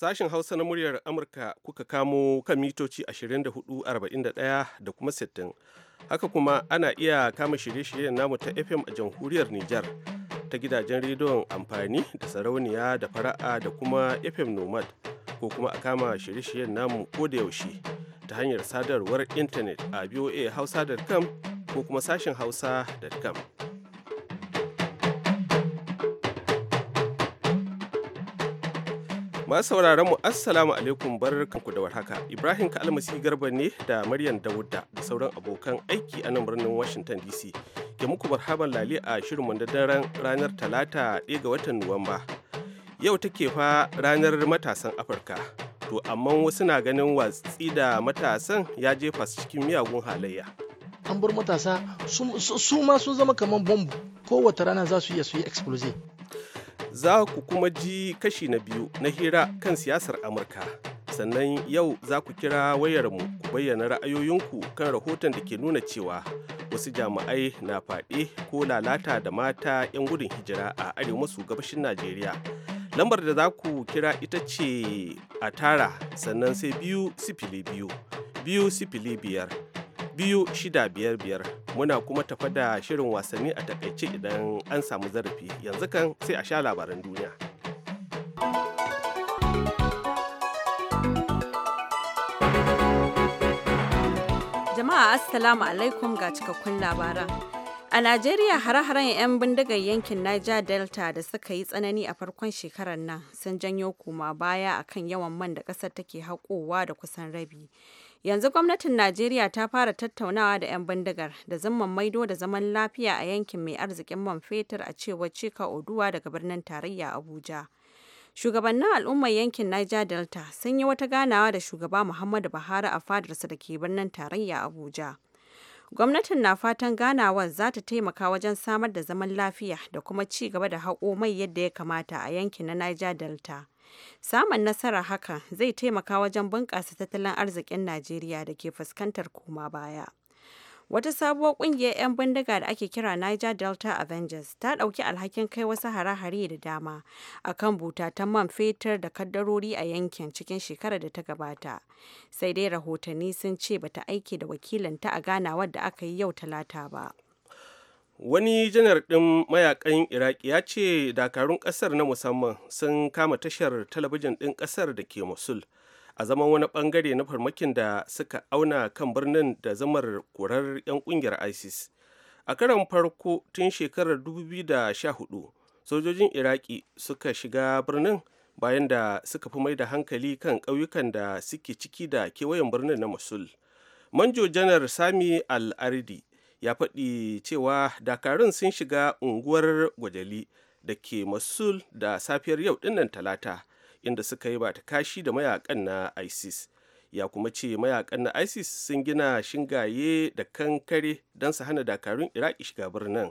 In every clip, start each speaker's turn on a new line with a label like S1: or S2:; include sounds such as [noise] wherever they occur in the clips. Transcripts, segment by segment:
S1: Sashen Hausa na muryar Amurka kuka kamo kan mitoci 24,41 da kuma 60. Haka kuma ana iya kama shirye-shiryen namu ta FM a jamhuriyar Nijar ta gidajen rediyon amfani da sarauniya da fara'a da kuma FM Nomad ko kuma a kama shirye-shiryen namu ko da yaushe ta hanyar sadarwar intanet a hausa.com ko kuma sashen hausa.com. Masu sauraron mu assalamu alaikum barkanku da warhaka. Ibrahim Kalmasi Garba ne da Maryam Dawuda da sauran abokan aiki a nan birnin Washington DC. Ke muku barhaban lali a shirin daren ranar Talata 1 ga watan Nuwamba. Yau take fa ranar matasan Afirka. To amma wasu na ganin watsi da matasan ya jefa su cikin miyagun halayya.
S2: An bar matasa su ma sun zama kamar bombu kowace rana za su iya su yi explosive.
S1: za ku kuma ji kashi na biyu na hira kan siyasar Amurka. Sannan yau za ku kira wayarmu ku bayyana ra'ayoyinku kan rahoton da ke nuna cewa wasu jami'ai na faɗe ko lalata da mata 'yan gudun hijira a arewa masu gabashin Najeriya. Lambar da za ku kira ita ce a tara sannan sai biyu sifili biyu, biyu sifili biyar, biyu shida biyar biyar. muna kuma tafa da shirin wasanni a takaice idan an samu zarafi yanzu kan sai a sha labaran duniya
S3: jama'a assalamu alaikum ga cikakkun labaran A Najeriya hare-haren 'yan bindigar yankin Niger Delta da suka yi tsanani a farkon shekarar nan sun janyo koma baya akan yawan man da ƙasar take haƙowa da kusan rabi. Yanzu gwamnatin Najeriya ta fara tattaunawa da 'yan bindigar da zaman maido da zaman lafiya a yankin mai arzikin man fetur a cewar cika Oduwa daga birnin tarayya Abuja. Shugabannin al'ummar yankin Niger Delta sun yi wata ganawa da shugaba Muhammadu Buhari a fadarsa da ke birnin tarayya Abuja. Gwamnatin na fatan ganawar za ta taimaka wajen samar da zaman lafiya da kuma ci gaba da haƙo mai yadda ya kamata a yankin na Niger Delta. Samun nasara haka zai taimaka wajen bunƙasa tattalin arzikin Najeriya da ke fuskantar koma baya. Wata sabuwar ƙungiyar 'yan bindiga da ake kira Niger Delta Avengers ta ɗauki alhakin kai wasu hare-hare da dama a kan butatan man fetur da kaddarori a yankin cikin shekarar da ta gabata. Sai dai rahotanni sun ce bata aike da wakilinta a ganawar da aka yi yau Talata ba.
S1: wani janar ɗin mayakan iraki ya ce dakarun ƙasar na musamman sun kama tashar talabijin ɗin ƙasar da ke mosul a zaman wani ɓangare na farmakin da suka auna kan birnin da zamar ƙurar 'yan ƙungiyar isis a karan farko tun shekarar 2014 sojojin iraki suka shiga birnin bayan da suka fi mai da hankali kan ƙauyukan da suke ciki da kewayen birnin na mosul manjo janar sami al-ardi ya faɗi cewa dakarun sun shiga unguwar gwajali da ke masul da safiyar yau dinnan talata inda suka yi bata kashi da mayakan na isis ya kuma ce mayakan na isis sun gina shingaye da kankare don su hana dakarun iraki shiga birnin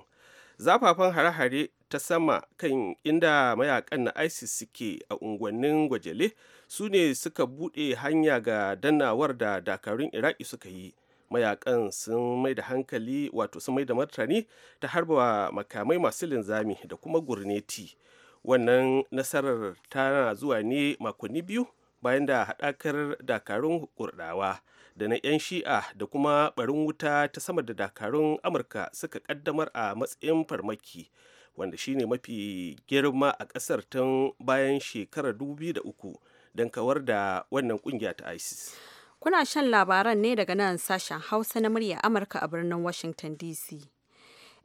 S1: zafafan hare-hare ta sama kan inda mayakan na isis suke a unguwannin gwajale su ne suka buɗe hanya ga danawar da dakarun iraki suka yi mayakan sun mai da hankali wato sun mai da martani ta harba makamai masu linzami da kuma gurneti wannan nasarar tana zuwa ne makonni biyu bayan da haɗakar dakarun kurdawa da na 'yan shi'a da kuma barin wuta ta sama da dakarun amurka suka kaddamar a matsayin farmaki wanda shine mafi girma a ƙasar tun bayan shekarar 2003 don kawar da wannan kungiya ta
S3: isis Kuna shan labaran ne daga nan sashen Hausa na murya Amurka a birnin Washington DC.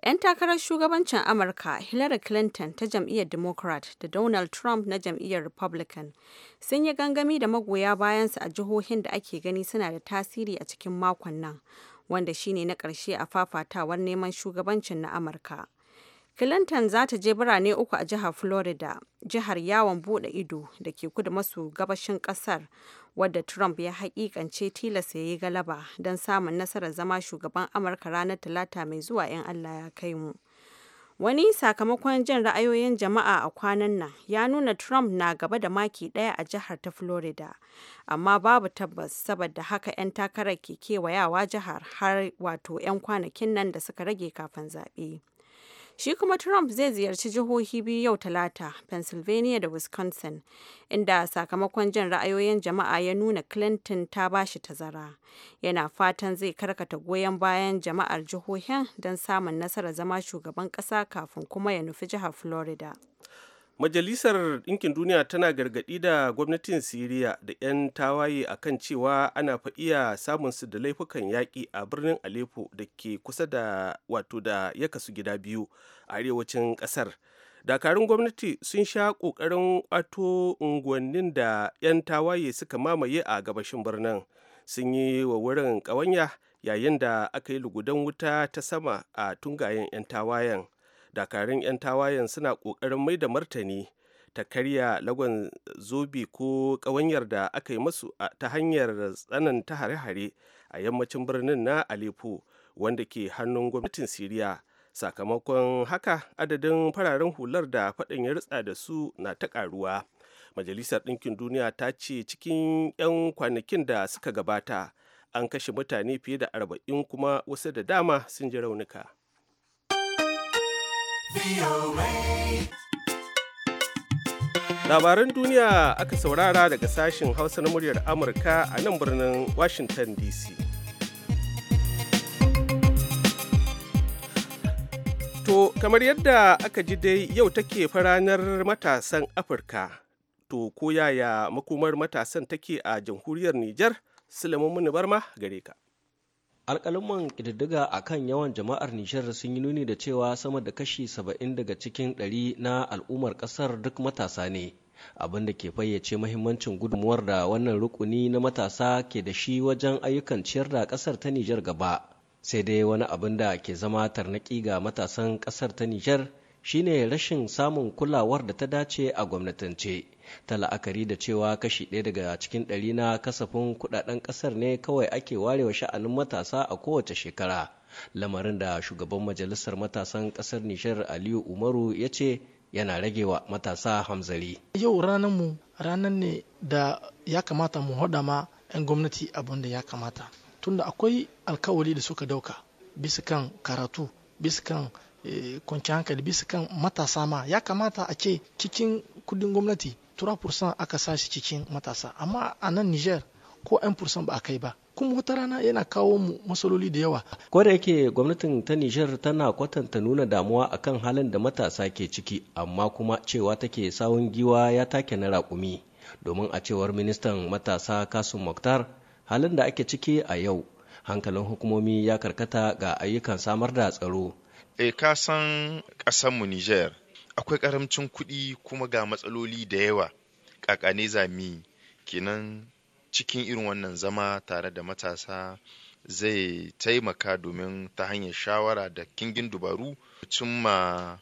S3: 'Yan takarar shugabancin Amurka Hillary Clinton ta jam'iyyar Democrat da Donald Trump na jam'iyyar Republican sun yi gangami da magoya bayansu a jihohin da ake gani suna da tasiri a cikin makon nan, wanda shine na ƙarshe a fafatawar neman shugabancin na Amurka. Clinton za ta je birane uku a jihar Florida, jihar yawon bude ido da ke kudu masu gabashin kasar, wadda Trump ya haƙiƙance tilasta ya yi galaba don samun nasarar zama shugaban Amurka ranar Talata mai zuwa ‘yan Allah ya kai mu. Wani sakamakon jin ra'ayoyin jama'a a kwanan nan ya nuna Trump na gaba da maki ɗaya a jihar ta Florida, amma babu tabbas saboda haka 'yan takarar ke kewayawa jihar har wato 'yan kwanakin nan da suka rage kafin zaɓe. Shi kuma Trump zai ziyarci jihohi biyu yau Talata, Pennsylvania da Wisconsin, inda sakamakon jin ra'ayoyin jama'a ya nuna Clinton ta bashi tazara. Yana fatan zai karkata goyon bayan jama'ar jihohin don samun nasarar zama shugaban kasa kafin kuma ya nufi jihar Florida.
S1: majalisar ɗinkin duniya tana gargaɗi da gwamnatin siriya da 'yan tawaye a kan cewa ana fa samun su da laifukan yaƙi a birnin aleppo da ke kusa da wato da ya kasu gida biyu a arewacin ƙasar dakarun gwamnati sun sha ƙoƙarin ƙwato unguwannin da 'yan tawaye suka mamaye a gabashin birnin sun yi wa wurin ƙawanya yayin da aka yi lugudan wuta ta sama a tungayen 'yan tawayen dakarun 'yan tawayen suna ƙoƙarin mai da martani ta karya lagon zobe ko ƙawanyar da aka yi masu ta hanyar tsananta hare-hare a yammacin birnin na aleppo wanda ke hannun gwamnatin siriya sakamakon haka adadin fararen hular da faɗin ya ritsa da su na ta ƙaruwa majalisar ɗinkin duniya ta ce cikin 'yan kwanakin da suka gabata an kashe mutane fiye da arba'in kuma wasu da dama sun ji raunuka. Labaran duniya aka saurara daga sashen Hausa na muryar Amurka a nan birnin Washington DC. To, kamar yadda aka ji dai yau take faranar matasan Afirka. To, ko yaya makomar matasan take a jamhuriyar Nijar, Sulaiman Barma gare ka. alƙaluman ƙididdiga a kan yawan
S4: jama'ar nishar sun yi nuni da cewa sama da kashi saba'in daga cikin ɗari na al'ummar ƙasar duk matasa ne abin da ke fayyace mahimmancin gudunmuwar da wannan rukuni na matasa ke da shi wajen ayyukan ciyar da ƙasar ta nijar gaba sai dai wani abin da ke zama tarnaki ga matasan ƙasar ta nijar shine rashin samun kulawar da ta dace a gwamnatance ta la'akari da cewa kashi ɗaya daga cikin ɗari na kasafin kudaden ƙasar ne kawai ake warewa sha'anin matasa a kowace shekara lamarin da shugaban majalisar matasan ƙasar nishar aliyu umaru ya ce yana rage wa matasa hamzari
S2: yau ranar mu ranar ne da ya kamata mu haɗa ma 'yan gwamnati abin da ya kamata tunda akwai alkawali da suka dauka bisa kan karatu bisa kan eh, kwanciyar hankali bisa kan matasa ma ya kamata a ce cikin kudin gwamnati 3% aka sa shi cikin matasa amma a nan Niger ko 1% ba a kai ba kuma wata rana yana kawo mu matsaloli da yawa. Ko da yake gwamnatin
S4: ta Nijar tana kwatanta nuna damuwa akan halin da matasa ke ciki amma kuma cewa take sawun giwa ya take na raƙumi. Domin a cewar ministan matasa Kasum moktar halin da ake ciki a yau hankalin hukumomi ya karkata ga ayyukan samar
S2: da tsaro. E ka san ƙasarmu Nijar akwai karamcin kuɗi kuma ga matsaloli da yawa ƙaƙane zami kenan cikin irin wannan zama tare da matasa zai taimaka domin ta hanyar shawara da kingin dubaru cimma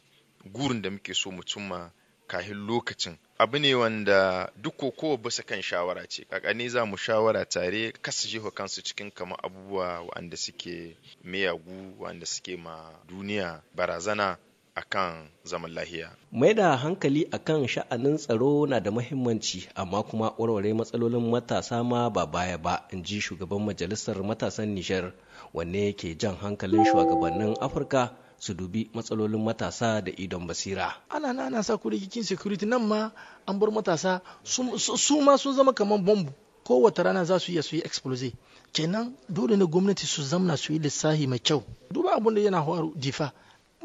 S2: gurin da muke so mu cimma kahin lokacin abu ne wanda duk kokowa basa kan shawara ce kakane za mu shawara tare kasa kasashe kansu cikin kama abubuwa waɗanda suke miyagu waɗanda suke ma duniya barazana akan zaman lahiya.
S4: Mai da hankali akan sha'anin tsaro na da muhimmanci amma kuma warware matsalolin matasa ma ba baya ba in ji shugaban majalisar matasan Nijar wanne ke jan hankalin shugabannin Afirka su dubi matsalolin matasa da idon basira.
S2: Ana na ana sa cikin security nan ma an bar matasa su ma sun zama kamar bombu kowace rana za su iya su yi explosive kenan dole ne gwamnati su zamna su yi lissahi mai kyau duba abin da yana faru jifa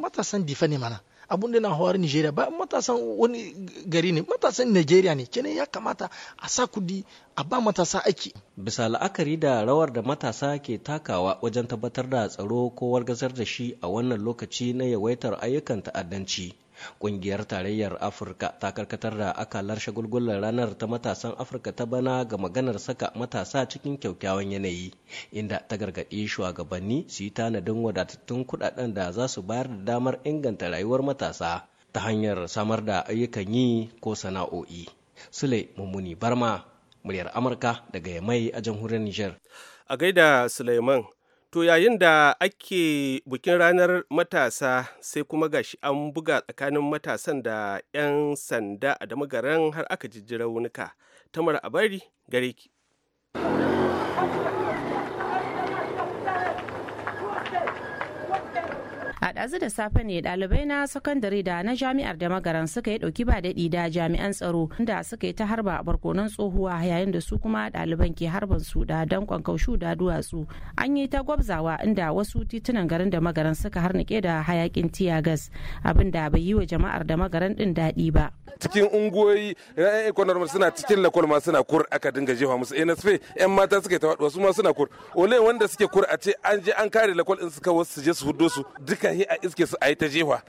S2: matasan difa ne mana abun da na hawar nigeria ba matasan wani gari ne matasan nigeria ne kenan ya kamata a sa kudi a ba matasa aiki
S4: bisa la'akari da rawar da matasa ke takawa wajen tabbatar da tsaro ko wargazar da shi a wannan lokaci na yawaitar ayyukan ta'addanci Ƙungiyar Tarayyar Afirka ta karkatar da akalar shagulgular ranar ta matasan Afirka ta bana ga maganar saka matasa cikin kyaukyawan yanayi, inda ta gargaɗi shugabanni su yi tanadin wadatattun kuɗaɗen da za su bayar da damar inganta rayuwar matasa ta hanyar samar da ayyukan yi ko sana'o'i. Sule Mummuni Barma, muryar Amurka daga Yamai a
S1: jamhuriyar Niger. A gaida Suleiman, To yayin da ake bukin ranar matasa sai kuma gashi an buga tsakanin matasan da 'yan sanda a damagaran har aka jijji raunuka. Tamar a bari gare ki.
S5: a ɗazu da safe ne ɗalibai na sakandare da na jami'ar da magaran suka yi ɗauki ba daɗi da jami'an tsaro da suka yi ta harba barkonan tsohuwa yayin da su kuma ɗaliban ke harban su da dankon kaushu da duwatsu an yi ta gwabzawa inda wasu titunan garin da magaran suka harnike da hayakin tiyagas abin da bai yi wa jama'ar da magaran ɗin daɗi ba
S1: cikin ungoyi na yan ikonar suna cikin lakwal ma suna kur aka dinga jefa musu eh, nsp yan mata suka ta wasu ma suna kur ole wanda suke kur a ce an je an kare lakwal in suka wasu su je su hudo su duka hi a iske su a yi ta jefa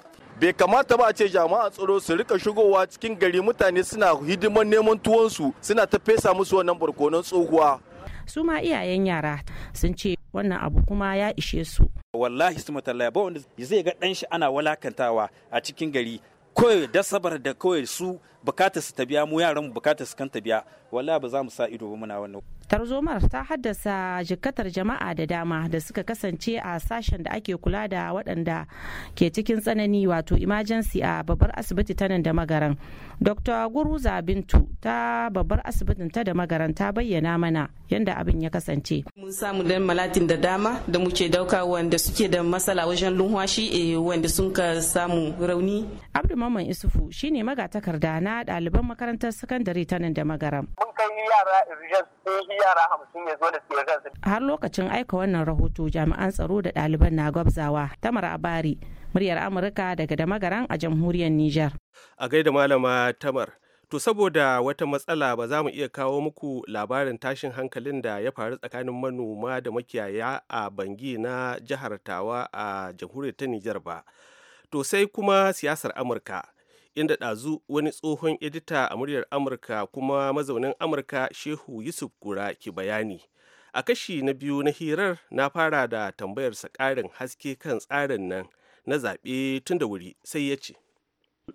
S1: bai kamata ba a ce jama'a tsaro su rika shigowa cikin gari mutane suna hidiman neman tuwonsu suna ta fesa musu wannan barkonon tsohuwa
S5: su ma iyayen yara sun ce wannan abu kuma ya ishe su
S1: wallahi su matalla
S4: ba wanda zai ga dan shi ana walakantawa a cikin gari kawai sabar da kawai su bukatar su ta biya mu yaran mu bukatar su kan ta biya wallahi ba za mu sa ido ba muna wannan
S5: tarzomar ta haddasa jikkatar jama'a da dama da suka kasance a sashen da ake kula da waɗanda ke cikin tsanani wato imajensi a babbar asibiti ta nan da magaran dr guruza bintu ta babbar asibitin ta da magaran ta bayyana mana yadda abin ya kasance mun samu dan malatin da dama da muke dauka wanda suke da matsala wajen lunwashi eh, wanda sun ka samu rauni abdu maman isufu shine magatakarda na ɗaliban makarantar sakandare ta nan da magaran mun kai
S1: yara eh, yara hamsin
S6: ya zo da
S5: su Har lokacin aika wannan rahoto jami'an tsaro da ɗaliban na gwabzawa Tamar Abari muryar Amurka daga Damagaran a jamhuriyar Nijar.
S1: A gaida malama Tamar. To saboda wata matsala ba za mu iya kawo muku labarin tashin hankalin da ya faru tsakanin manoma da makiyaya a Bangi na jihar Tawa a jamhuriyar ta Nijar ba. To sai kuma siyasar Amurka. inda ɗazu wani tsohon edita a muryar amurka kuma mazaunin amurka shehu yusuf gura ke bayani a kashi na biyu na hirar na fara da tambayarsa ƙarin haske kan tsarin nan na zaɓe tun da wuri sai ya ce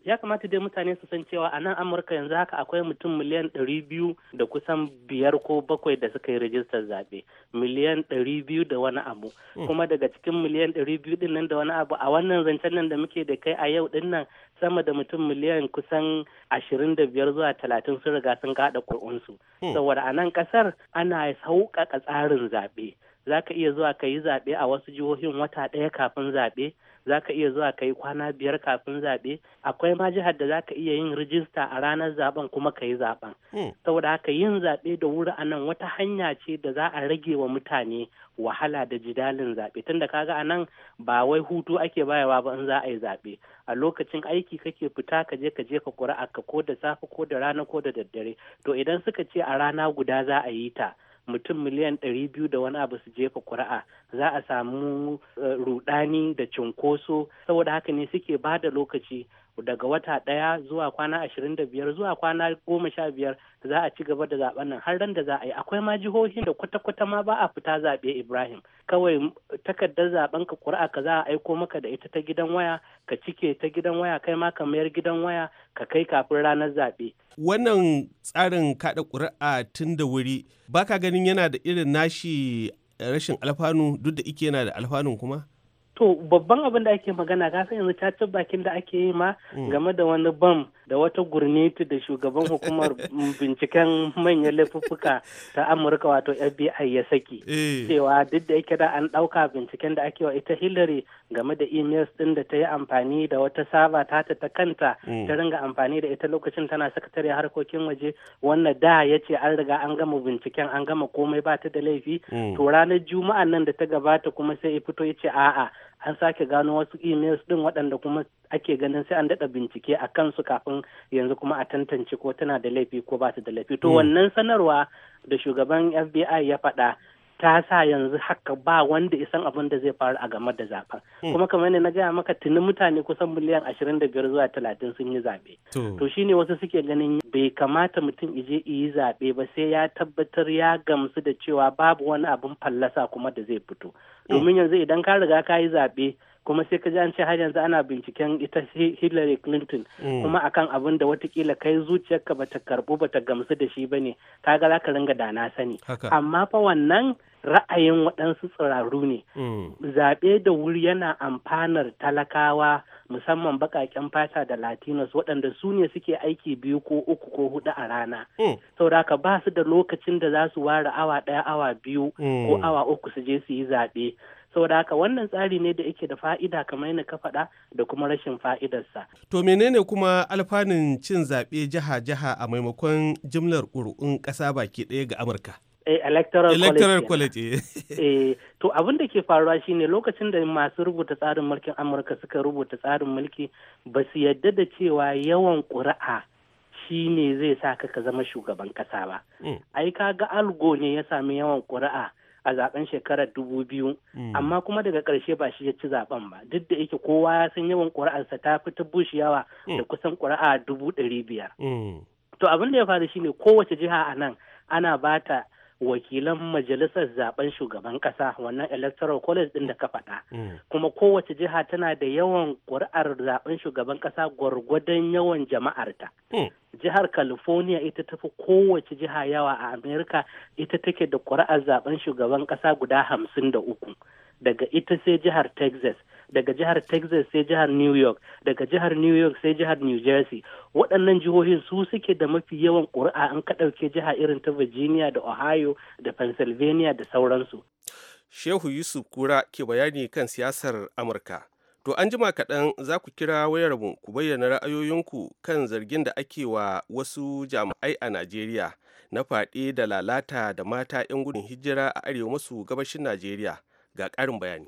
S7: ya kamata dai mutane su san cewa a nan amurka yanzu haka akwai mutum miliyan ɗari biyu da kusan biyar ko bakwai da suka yi rajistar zaɓe miliyan ɗari biyu da wani abu mm. kuma daga cikin miliyan ɗari biyu ɗin nan da wani abu a wannan zancen nan da muke da kai a yau ɗin nan sama da mutum miliyan kusan ashirin da biyar zuwa talatin sun riga sun kaɗa kur'unsu hmm. Saboda a nan ƙasar ana sauƙaƙa tsarin zaɓe. Za ka iya zuwa ka yi zaɓe a wasu jihohin wata ɗaya kafin zaɓe. za ka iya zuwa ka yi kwana biyar kafin zaɓe akwai ma jihar da za ka iya yin rijista a ranar zaɓen kuma ka yi zaben hmm. saboda haka yin zaɓe da wuri a nan wata hanya ce da za a rage wa mutane wahala da jidalin zaɓe tunda kaga a nan ba wai hutu ake bayawa ba in za a yi zaɓe a lokacin aiki kake fita ka je ka je ka ƙuri'a ka ko da safe ko da rana ko da daddare to idan suka ce a rana guda za a yi ta mutum miliyan ɗari biyu da wani abu su jefa kuri'a za a samu eh, rudani da cunkoso saboda haka ne suke ba da lokaci daga wata ɗaya zuwa kwana ashirin da biyar zuwa kwana goma sha biyar za a ci gaba da zaben nan har ran da za a yi akwai ma jihohin da kwata-kwata ma ba a fita zaɓe ibrahim kawai takardar zaɓen ka kuri'a ka za a aiko maka da ita ta gidan waya ka cike ta gidan waya kai ma ka mayar gidan waya ka kai kafin ranar
S1: zaɓe. wannan tsarin kaɗa ƙuri'a tun da wuri baka ganin yana da irin nashi rashin alfanu duk da ike yana da alfanun kuma. To babban
S7: abin da ake magana ka san yanzu cacin bakin da ake yi ma mm. game da wani bam da wata gurneti da shugaban [laughs] hukumar binciken manyan laifuffuka ta Amurka wato FBI ya saki. Eh. Cewa duk da yake da an ɗauka binciken da ake wa ita Hillary game da emails din da ta yi amfani da wata saba ta ta kanta mm. ta ringa amfani da ita lokacin tana sakatare harkokin waje wannan da ya ce an riga an gama binciken an gama komai ba ta da laifi mm. to ranar juma'an nan da ta gabata kuma sai ya fito ya ce a'a an sake gano wasu emails din waɗanda kuma ake ganin sai an daɗa bincike a kansu kafin yanzu kuma a tantance ko tana da laifi ko ba ta da laifi to mm. wannan sanarwa da shugaban FBI ya faɗa ta sa yanzu haka ba wanda isan abin da zai faru a game da zaben hmm. kuma kamar yadda na gaya maka tuni mutane kusan miliyan ashirin da biyar zuwa talatin sun yi zaɓe to shine wasu suke ganin bai kamata mutum ije yi zaɓe ba sai ya tabbatar ya gamsu da cewa babu wani abin fallasa kuma da zai fito hmm. domin yanzu idan ka riga ka yi zaɓe kuma sai ka ji an ce har yanzu ana binciken ita Hillary Clinton hmm. kuma akan abin da watakila kai zuciyarka bata karbu bata gamsu da shi bane kaga za ka ringa da na sani amma fa wannan ra'ayin waɗansu tsiraru ne. Hmm. Zaɓe da wuri yana amfanar talakawa musamman baƙaƙen fata da latinos waɗanda su ne suke aiki biyu ko uku ko hudu a rana. Hmm. Sauraka ba su da lokacin da za su ware awa ɗaya awa biyu hmm. ko awa uku su je su yi zaɓe. sauraka wannan tsari ne da yake da fa'ida kamar yadda ka faɗa da kuma rashin fa'idarsa.
S1: To menene kuma alfanun cin zaɓe jiha-jiha a maimakon jimlar ƙuri'un ƙasa baki ɗaya ga Amurka?
S7: Eh, electoral, electoral quality [laughs] eh to abin da ke faruwa shine lokacin da masu rubuta tsarin mulkin amurka suka rubuta tsarin mulki ba su yadda da cewa yawan ƙuri'a shine zai sa ka zama shugaban kasa ba mm. ai ga algo ne ya sami yawan ƙuri'a a zaben shekarar dubu biyu mm. amma kuma daga ƙarshe ba shi ya ci zaben ba duk da yake kowa ya san yawan ƙuri'arsa ta fi ta bushi yawa mm. da kusan ƙuri'a dubu ɗari biyar to abin da ya faru shine kowace jiha a nan ana bata. wakilan majalisar zaben shugaban kasa wannan electoral college din da ka faɗa mm. kuma kowace jiha tana da yawan ƙuri'ar zaben shugaban kasa gwargwadon yawan jama'arta mm. jihar california ita tafi kowace jiha yawa a america ita take da ƙuri'ar zaben shugaban kasa guda hamsin da uku daga ita sai jihar texas daga jihar texas sai jihar new york daga jihar new york sai jihar new jersey waɗannan jihohin su suke da mafi yawan ƙuri'a an kaɗauke jiha irin ta virginia da ohio da pennsylvania da
S1: sauransu shehu yusuf kura ke bayani kan siyasar amurka to an jima kaɗan za ku kira wayarmu ku bayyana ra'ayoyinku kan zargin da ake wa wasu jami'ai a najeriya na faɗi da lalata da mata 'yan gudun hijira a arewa masu gabashin najeriya ga ƙarin bayani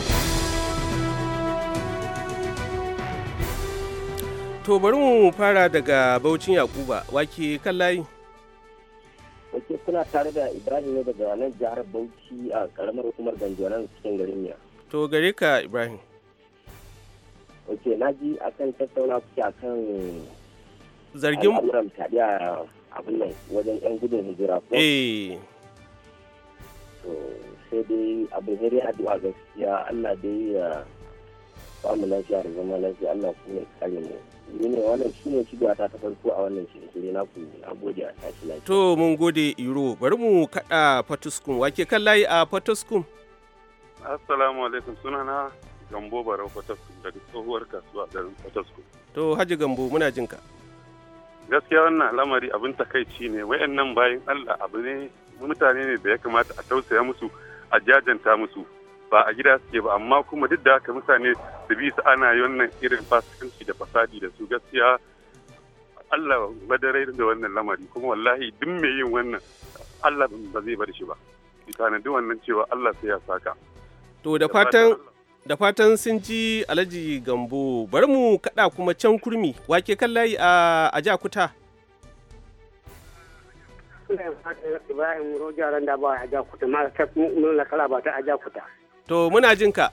S1: To bari mu fara daga Baucin Yakuba, wake kan layi.
S6: Wake kuna tare da Ibrahim ne daga nan jihar Bauchi a karamar hukumar Ganjonan cikin garin ya.
S1: To gare ka Ibrahim. Wake na ji akan tattauna kuke akan zargin al'amuran taɗiya abin nan
S6: wajen 'yan gudun hijira ko?
S1: Eh.
S6: To sai dai abin hiri addu'a gaskiya Allah dai ya ba lafiya da zama lafiya Allah kuma ya kare mu ni ne wannan shi ne shiga ta farko a wannan shirye na ku a gode a tashi lafiya
S1: to mun gode iro bari mu kada fatuskum wake kan layi a fatuskum assalamu alaikum sunana gambo barau fatuskum daga tsohuwar kasuwa garin fatuskum to haji gambo muna jin ka gaskiya wannan lamari abin takaici
S6: ne wayannan bayan Allah abu ne mutane ne da ya kamata a tausaya musu a jajanta musu ba a gida suke ba amma kuma duk da haka mutane su bi su ana wannan irin fasikanci da fasadi da su gaskiya Allah badarai da wannan lamari kuma wallahi duk mai yin wannan Allah ba zai bar shi ba kana duk wannan cewa Allah sai ya
S1: saka to da fatan da fatan sun ji alaji gambo bari mu kada kuma can kurmi wake kan layi a jakuta
S6: Ibrahim Rojo Randa ba a Ajakuta, ma ta kuma kala ba ta Ajakuta.
S1: To muna jin A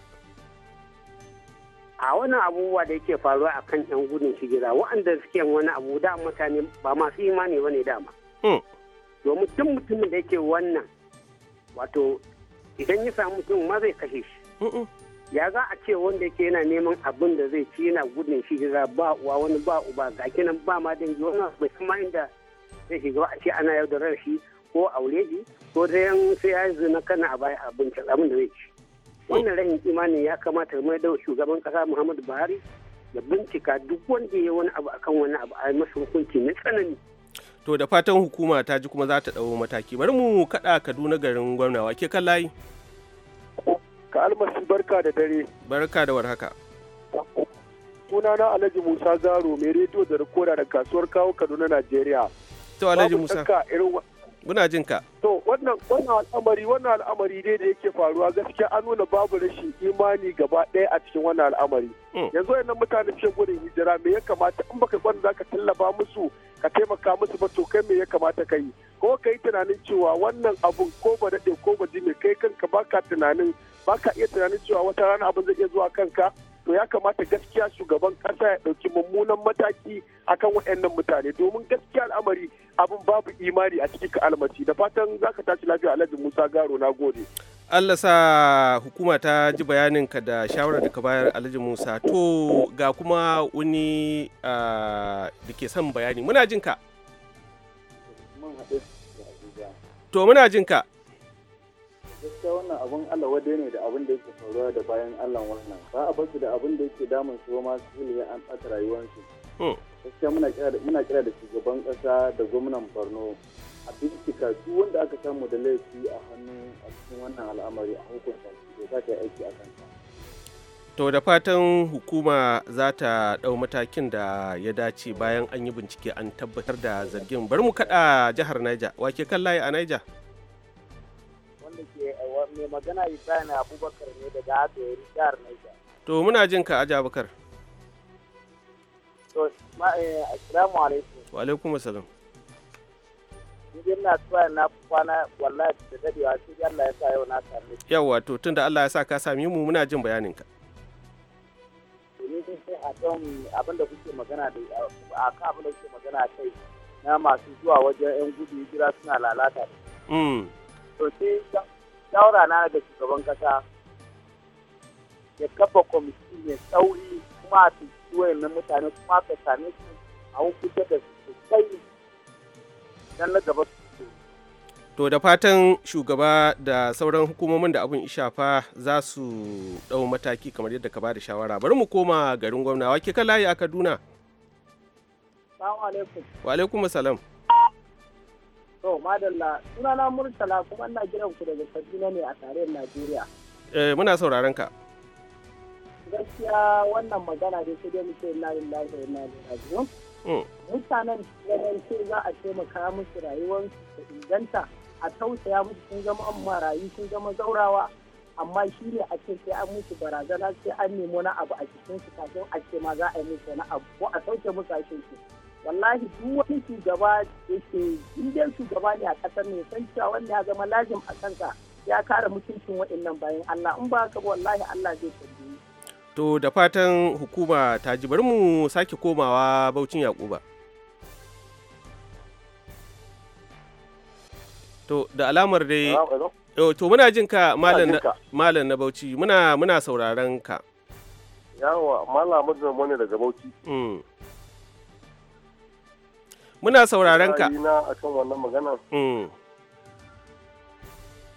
S6: wannan abubuwa da yake faruwa a kan 'yan gudun shigira waɗanda suke wani abu da mutane ba masu imani ba ne dama. Hmm. Domin tun mutumin da yake wannan wato idan ya samu mutum ma zai kashe shi. Ya za a ce wanda yake yana neman abin da zai ci yana gudun shigira ba uwa wani ba uba ga kinan ba ma dangi wani bai san ma inda zai shiga a ce ana yaudarar shi ko aure shi ko 'yan sai ya zina kana a baya abin da zai ci. wannan rahin imanin ya kamata mai da shugaban kasa muhammadu buhari ya bincika duk wanda ya wani abu akan wani abu a masa hukunci na tsanani
S1: to da fatan hukuma ta ji kuma za ta ɗau mataki bari mu kaɗa kaduna garin gwamna wake kan layi ka
S6: almasi barka da dare
S1: barka da warhaka
S6: na alhaji musa zaro mai rediyo da rikoda da kasuwar kawo kaduna najeriya
S1: to alhaji musa irin muna jin ka
S6: to wannan wannan al'amari wannan al'amari dai da yake faruwa gaskiya an nuna babu rashin imani gaba ɗaya a cikin wannan al'amari hmm. yanzu yana mutane fiye gudun hijira me ya kamata in baka gwanda zaka tallafa musu ka taimaka musu ba to kai me ya kamata ka yi ko ka yi tunanin cewa wannan abun ko ba daɗe ko ba jime kai kanka baka tunanin baka iya tunanin cewa wata rana abin zai iya zuwa kanka to ya kamata gaskiya shugaban kasa ya ɗauki mummunan mataki akan waɗannan mutane domin gaskiya al'amari abin babu imani a cikin almasi da fatan za ka tashi lafiya alhaji musa garo na gode
S1: Allah sa hukuma ta ji bayaninka da shawarar da ka bayar alhaji musa to ga kuma wani da ke son bayani muna jinka to muna jinka
S6: gaskiya wannan abun Allah wade ne da abun da yake faruwa da bayan Allah wannan ba a basu da abun da yake damun su ma su ne an ɓata rayuwarsu. Oh. Gaskiya muna kira da shugaban kasa da gwamnan Borno a bincika su wanda aka samu da laifi a hannu a cikin wannan al'amari a hukunta su da za ta yi aiki a ta.
S1: To da fatan hukuma za ta ɗau matakin da ya dace bayan an yi bincike an tabbatar da zargin bar mu kaɗa jihar Niger wake kan layi a Niger.
S6: wanda ke eh, mai magana Ibrahim Abubakar ne daga Hatsari jihar Niger.
S1: To muna jin ka aji Abubakar.
S6: To eh, assalamu alaikum.
S1: Wa alaikum assalam.
S6: Idan na tsuwa na kwana wallahi da dadewa sai Allah ya sa yau na sami.
S1: Yawwa to tunda Allah ya sa ka sami mu muna jin bayanin ka.
S6: Ni sai a kan abin da kuke magana da a kan abin da kuke magana kai na masu zuwa wajen 'yan gudu hijira suna lalata. Mm. to sai shawara na da shugaban kasa ya kafa kwamiti mai tsauri kuma a tuntuɓi wayannan mutane kuma ka same su a hukunta da su sosai don na
S2: gaba su
S1: To da fatan shugaba da sauran hukumomin da abin ishafa za su ɗau mataki kamar yadda ka ba da shawara. Bari mu koma garin gwamna. Wake kan layi a Kaduna?
S6: Wa alaikum.
S1: Wa alaikum salam.
S6: To madalla sunana Murtala kuma ina kiran ku daga Kaduna ne a tarayyar Najeriya.
S1: Eh muna sauraron ka.
S6: Gaskiya wannan magana da sai dai mu ce inna lillahi da inna hmm. Mutanen ganin ce za a taimaka musu rayuwar da inganta a tausaya musu sun zama marayu sun zama zaurawa amma shi ne a ce sai an musu barazana sai an nemo na abu a cikinsu kafin a ce ma za a yi musu wani abu ko a sauke musu a su. wallahi duk wani shugaba yake indiyan shugaba ne a kasar ne san cewa wanda ya zama lazim a kanka ya kare mutuncin waɗannan bayan Allah in ba ka wallahi Allah zai tambaye
S1: to da fatan hukuma ta ji bari mu sake komawa Baucin Yakuba to da alamar dai to muna jin ka malam na Bauchi muna muna sauraron ka
S6: yawa malam Ahmad Zamani daga Bauchi
S1: mm. muna sauraren ka
S6: na akan wannan magana hmm.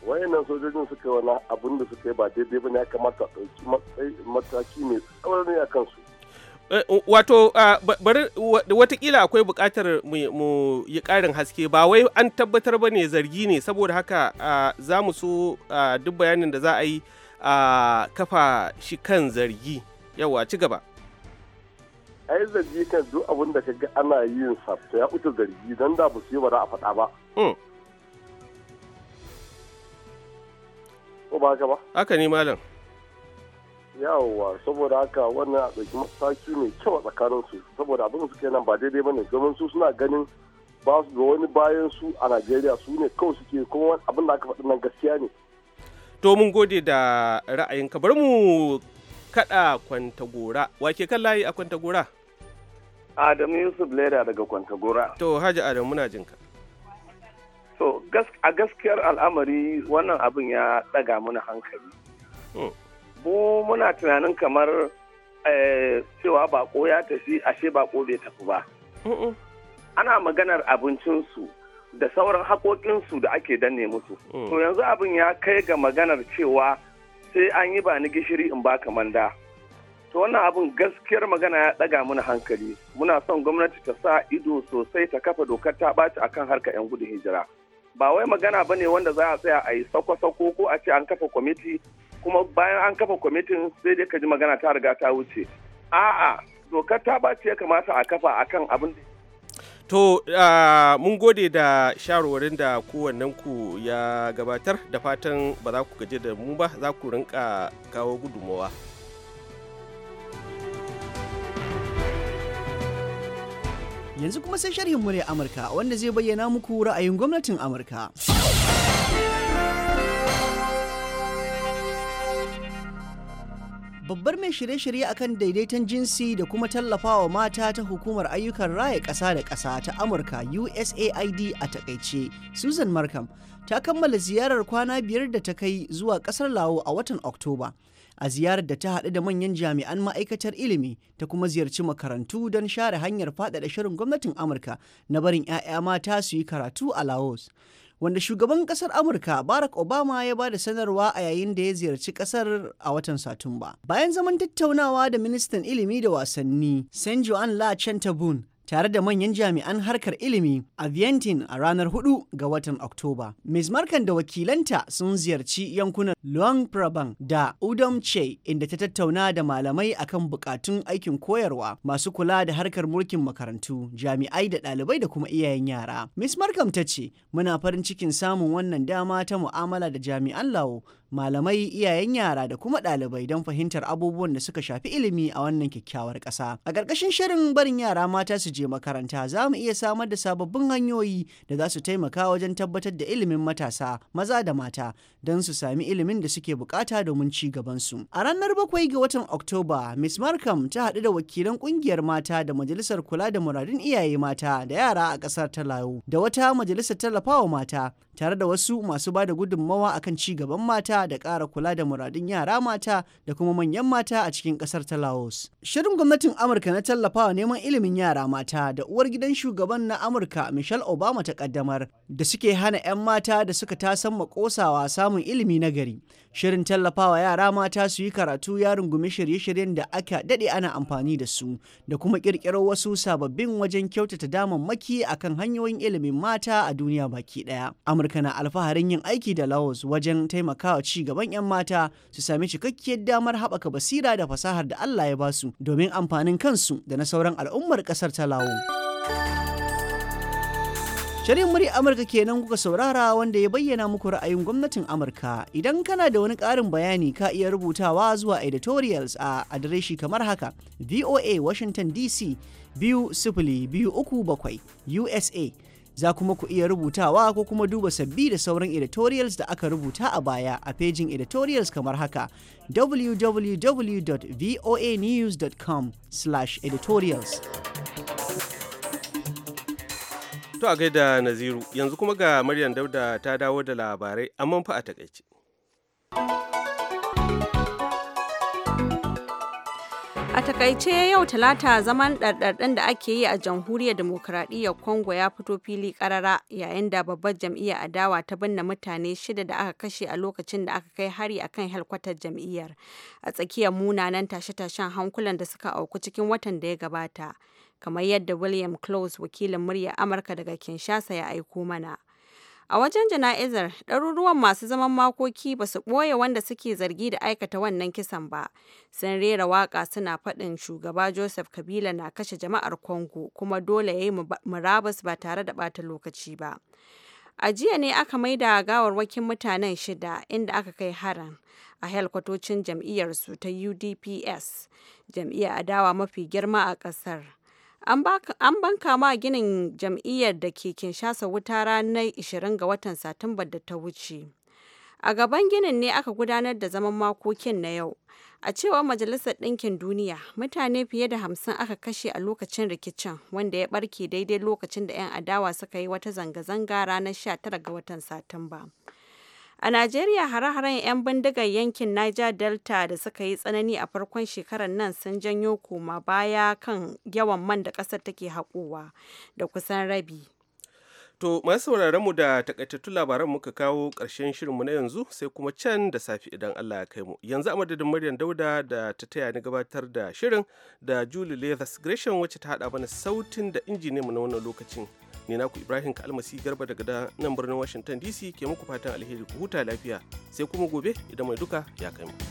S6: wayannan sojojin suka yi wani abin da suka yi ba daidai ba ne ya kamata ɗauki mataki mai tsaurari a kansu
S1: eh, wato bari watakila akwai bukatar mu yi ƙarin haske ba wai an tabbatar ba ne zargi ne saboda haka za mu so duk bayanin da za a yi kafa shi kan zargi yawa ci gaba
S6: ai zargi kan duk abin da ga ana yin sa to ya wuce zargi dan da ba yi ba a faɗa ba hmm. ko ba haka ba
S1: haka ne malam
S6: yawwa saboda haka wannan a ɗauki mataki mai kyau a tsakanin su saboda abin suke nan ba daidai ne domin su suna ganin ba su da wani bayan su a Najeriya su ne kawai suke kuma wani abin da aka faɗi nan gaskiya ne
S1: to mun gode da ra'ayinka bari mu kaɗa kwantagora wake kan layi a kwantagora Adamu Yusuf Leda daga Kwantagora. To, Haji Adamu muna jinka.
S6: To, a gaskiyar al'amari wannan abin ya ɗaga muna hankali. Hmm. Mu muna tunanin kamar eh, cewa bako ya tafi ashe bako bai tafi ba. Ana maganar abincinsu da sauran haƙoƙinsu da ake danne musu. Hmm. To yanzu abin ya kai ga maganar cewa sai an yi ba ni gishiri in baka manda. to wannan abin gaskiyar magana ya ɗaga mana hankali muna son gwamnati ta sa ido sosai ta kafa dokar ta ɓaci akan harka 'yan gudun hijira ba wai magana ba ne wanda za a tsaya a yi sako-sako ko a ce an kafa kwamiti kuma bayan an kafa kwamitin sai dai ka ji magana ta riga ta wuce a'a dokar ta ɓaci ya kamata a kafa akan abin da
S1: To, mun gode da shawarwarin da kowannen ku ya gabatar da fatan ba za ku gaje da mu ba za ku rinka kawo gudunmawa.
S8: yanzu kuma sai sharhin murya Amurka wanda zai bayyana muku ra'ayin gwamnatin Amurka. Babbar mai shirye-shirye akan daidaiton jinsi da kuma tallafawa mata ta hukumar ayyukan raya ƙasa da ƙasa ta Amurka USAID a takaice, Susan Markham ta kammala ziyarar kwana biyar da ta kai zuwa ƙasar Lawo a watan Oktoba. a ziyarar da ta haɗu da manyan jami'an ma'aikatar ilimi ta kuma ziyarci makarantu don share hanyar faɗaɗa shirin gwamnatin Amurka na barin 'ya'ya mata su yi karatu a Laos. Wanda shugaban ƙasar Amurka Barack Obama ya ba da sanarwa a yayin da ya ziyarci ƙasar a watan Satumba. Bayan zaman tattaunawa da ministan ilimi da wasanni, San Joan La Chantabun, tare da manyan jami'an harkar ilimi a Vientin a ranar 4 ga watan Oktoba. Ms. Markan da wakilanta sun ziyarci yankunan Luang Prabang da che inda ta tattauna da malamai akan bukatun aikin koyarwa masu kula da harkar mulkin makarantu, jami'ai da ɗalibai da kuma iyayen yara. Ms. Markam ta ce, muna farin cikin samun wannan dama ta mu'amala da jami'an Lawo malamai iyayen yara da kuma ɗalibai don fahimtar abubuwan da suka shafi ilimi a wannan kyakkyawar ƙasa a ƙarƙashin shirin barin yara mata su je makaranta za mu iya samar da sababbin hanyoyi da za su taimaka wajen tabbatar da ilimin matasa maza da mata don su sami ilimin da suke bukata domin ci gabansu. A ranar bakwai ga watan Oktoba, Miss Markham ta haɗu da wakilan ƙungiyar mata da Majalisar Kula da Muradun Iyaye Mata da Yara a ƙasar ta Layo da wata majalisar tallafawa mata tare da wasu masu ba da gudunmawa akan ci gaban mata da ƙara kula da muradun yara mata da kuma manyan mata a cikin ƙasar ta Laos. Shirin gwamnatin Amurka na tallafawa neman ilimin yara mata da uwar gidan shugaban na Amurka Michelle Obama ta ƙaddamar da suke hana 'yan mata da suka tasan makosawa samun samun ilimi na gari. Shirin tallafawa yara mata su yi karatu ya rungumi shirye-shiryen da aka dade ana amfani da su da kuma ƙirƙiro wasu sababbin wajen kyautata damar damammaki kan hanyoyin ilimin mata a duniya baki ɗaya. Amurka na alfaharin yin aiki da Laos wajen taimakawa ci gaban 'yan mata su sami cikakkiyar damar haɓaka basira da fasahar da Allah ya basu domin amfanin kansu da na sauran al'ummar ƙasar ta Laos. Shirin murya Amurka kenan kuka saurara wanda ya bayyana muku ra'ayin gwamnatin Amurka. Idan kana da wani ƙarin bayani ka iya rubutawa zuwa editorials a adireshi kamar haka VOA Washington DC biyu sifili biyu uku bakwai USA. Za kuma ku iya rubutawa ko kuma duba sabbi da sauran editorials da aka rubuta a baya a pejin editorials kamar haka www.voanews.com/editorials.
S1: To a gaida Naziru, yanzu kuma ga Maryam Dauda ta dawo da labarai, amma fa a takaice.
S3: A takaice yau talata zaman ɗarɗarɗin da ake yi a jamhuriyar demokuraɗiyyar Congo ya fito fili ƙarara yayin da babbar jam'iyyar adawa ta binne mutane shida da aka kashe a lokacin da aka kai hari a kan helkwatar jam'iyyar a tsakiyar munanan tashe-tashen hankulan da suka auku cikin watan da ya gabata. kamar yadda William Close wakilin muryar Amurka daga Kinshasa ya aiko mana. A wajen jana'izar, ɗaruruwan masu zaman makoki ba su ɓoye wanda suke zargi da aikata wannan kisan ba. Sun rera waƙa suna faɗin shugaba Joseph Kabila na kashe jama'ar Congo kuma dole ya yi murabus ba tare da ɓata lokaci ba. A jiya ne aka maida gawarwakin mutanen shida inda aka kai haran a helkwatocin su ta UDPS, jam'iyyar adawa mafi girma a ƙasar. An ban kama ginin jam'iyyar da ke Kinshasa wuta ranar 20 ga watan Satumba da ta wuce. A gaban ginin ne aka gudanar da zaman makokin na yau. A cewar Majalisar Ɗinkin Duniya, mutane fiye da hamsin aka kashe a lokacin rikicin wanda ya barke daidai lokacin da 'yan adawa suka yi wata zanga-zanga ranar 19 ga watan Satumba. A Najeriya hare-haren 'yan bindigar yankin Niger Delta da suka yi tsanani a farkon shekarar nan sun janyo koma baya kan yawan man da ƙasar take haƙowa da kusan rabi.
S1: To masu sauraron mu da takaitattu labaran muka kawo ƙarshen shirinmu na yanzu sai kuma can da safi idan Allah ya kai mu. Yanzu a madadin Maryam Dauda da ta taya ni gabatar da shirin da Julie Leathers Gresham wacce ta haɗa mana sautin da injiniyanmu na wannan lokacin. Ni naku Ibrahim Kalmasi Garba daga da nan birnin Washington DC ke muku fatan alheri ku huta lafiya sai kuma gobe idan mai duka ya kai
S3: mu.